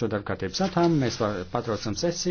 šo darbkārtības atām, mēs pārtraucam sesiju.